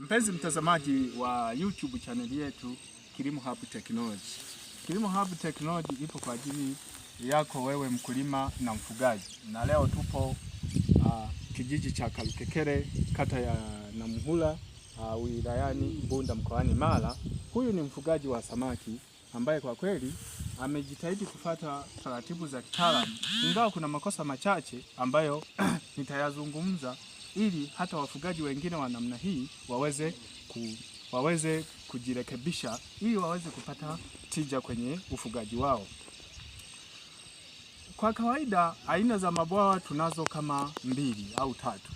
Mpenzi mtazamaji wa YouTube chaneli yetu Kilimo Hub Technology. Kilimo Hub Technology ipo kwa ajili yako wewe mkulima na mfugaji, na leo tupo uh, kijiji cha Kalikekere kata ya Namuhula uh, ah, wilayani Bunda mkoani Mara. Huyu ni mfugaji wa samaki ambaye kwa kweli amejitahidi kufata taratibu za kitaalamu, ingawa kuna makosa machache ambayo nitayazungumza ili hata wafugaji wengine wa namna hii waweze, ku, waweze kujirekebisha ili waweze kupata tija kwenye ufugaji wao. Kwa kawaida aina za mabwawa tunazo kama mbili au tatu,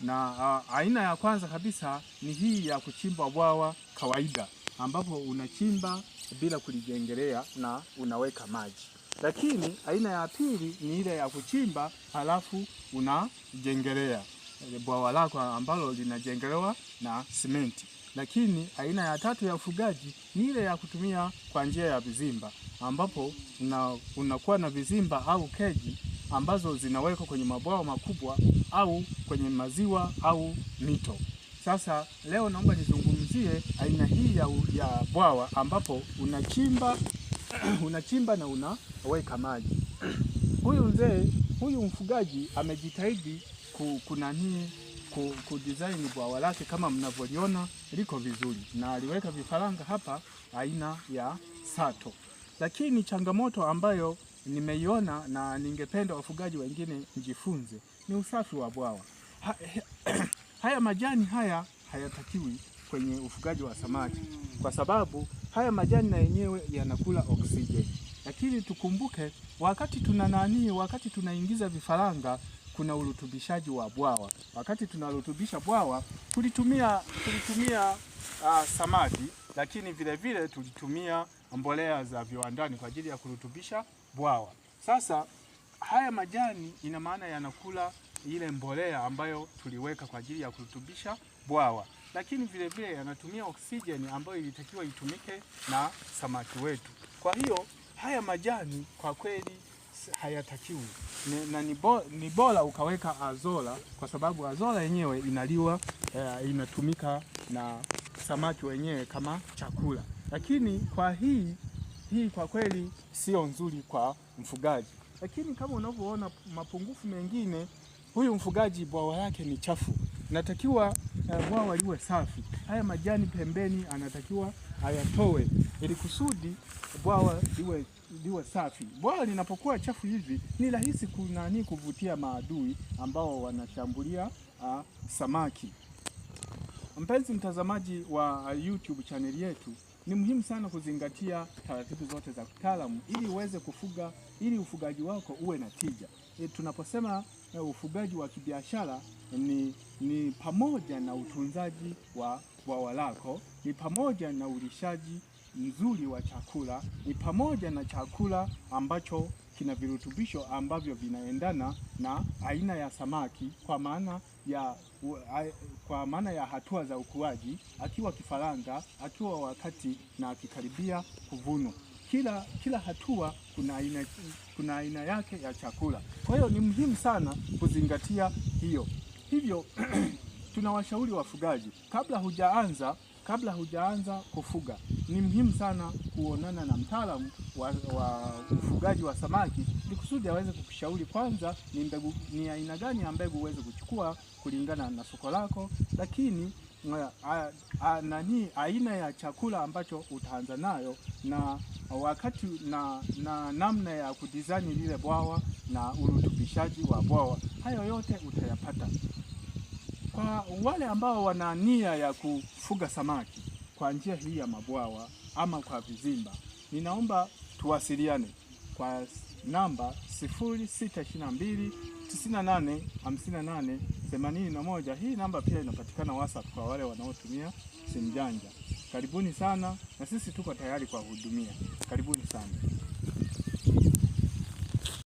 na a, aina ya kwanza kabisa ni hii ya kuchimba bwawa kawaida, ambapo unachimba bila kulijengelea na unaweka maji. Lakini aina ya pili ni ile ya kuchimba halafu unajengelea. Eh, bwawa lako ambalo linajengelewa na simenti. Lakini aina ya tatu ya ufugaji ni ile ya kutumia kwa njia ya vizimba, ambapo unakuwa na vizimba au keji ambazo zinawekwa kwenye mabwawa makubwa au kwenye maziwa au mito. Sasa leo naomba nizungumzie aina hii ya, ya bwawa ambapo unachimba unachimba na unaweka maji. Huyu mzee huyu mfugaji amejitahidi kunanii ku, design bwawa lake kama mnavyoliona liko vizuri, na aliweka vifaranga hapa aina ya sato. Lakini changamoto ambayo nimeiona na ningependa wafugaji wengine mjifunze ni usafi wa bwawa. Ha, haya majani haya hayatakiwi kwenye ufugaji wa samaki, kwa sababu haya majani na yenyewe yanakula oksijeni. Lakini tukumbuke wakati tuna nani, wakati tunaingiza vifaranga kuna urutubishaji wa bwawa. Wakati tunarutubisha bwawa tulitumia, tulitumia uh, samadi, lakini vile vile tulitumia mbolea za viwandani kwa ajili ya kurutubisha bwawa. Sasa haya majani ina maana yanakula ile mbolea ambayo tuliweka kwa ajili ya kurutubisha bwawa, lakini vile vile yanatumia oksijeni ambayo ilitakiwa itumike na samaki wetu. Kwa hiyo haya majani kwa kweli hayatakiwi na ni bora ukaweka azola kwa sababu azola yenyewe inaliwa eh, inatumika na samaki wenyewe kama chakula, lakini kwa hii hii kwa kweli sio nzuri kwa mfugaji. Lakini kama unavyoona mapungufu mengine, huyu mfugaji bwawa yake ni chafu natakiwa eh, bwawa liwe safi. Haya majani pembeni anatakiwa ayatoe ili kusudi bwawa liwe, liwe safi. Bwawa linapokuwa chafu hivi ni rahisi kunani kuvutia maadui ambao wanashambulia uh, samaki. Mpenzi mtazamaji wa YouTube chaneli yetu, ni muhimu sana kuzingatia taratibu zote za kitaalamu ili uweze kufuga, ili ufugaji wako uwe na tija. E, tunaposema Eh, ufugaji wa kibiashara ni, ni pamoja na utunzaji wa bwawa lako, ni pamoja na ulishaji mzuri wa chakula, ni pamoja na chakula ambacho kina virutubisho ambavyo vinaendana na aina ya samaki kwa maana ya, kwa maana ya hatua za ukuaji, akiwa kifaranga, akiwa wakati na akikaribia kuvunwa kila, kila hatua kuna aina, kuna aina yake ya chakula. Kwa hiyo ni muhimu sana kuzingatia hiyo. Hivyo tunawashauri wafugaji kabla hujaanza kabla hujaanza kufuga ni muhimu sana kuonana na mtaalamu wa, wa ufugaji wa samaki ni kusudi aweze kukushauri kwanza, ni mbegu ni aina gani ya mbegu uweze kuchukua kulingana na soko lako, lakini a, a, nani aina ya chakula ambacho utaanza nayo na wakati na, na namna ya kudizaini lile bwawa na urutubishaji wa bwawa, hayo yote utayapata. Kwa wale ambao wana nia ya kufuga samaki kwa njia hii ya mabwawa ama kwa vizimba, ninaomba tuwasiliane kwa namba 0622 98 58 themanini na moja. Hii namba pia inapatikana WhatsApp kwa wale wanaotumia simu janja. Karibuni sana na sisi tuko tayari kuwahudumia. Karibuni sana.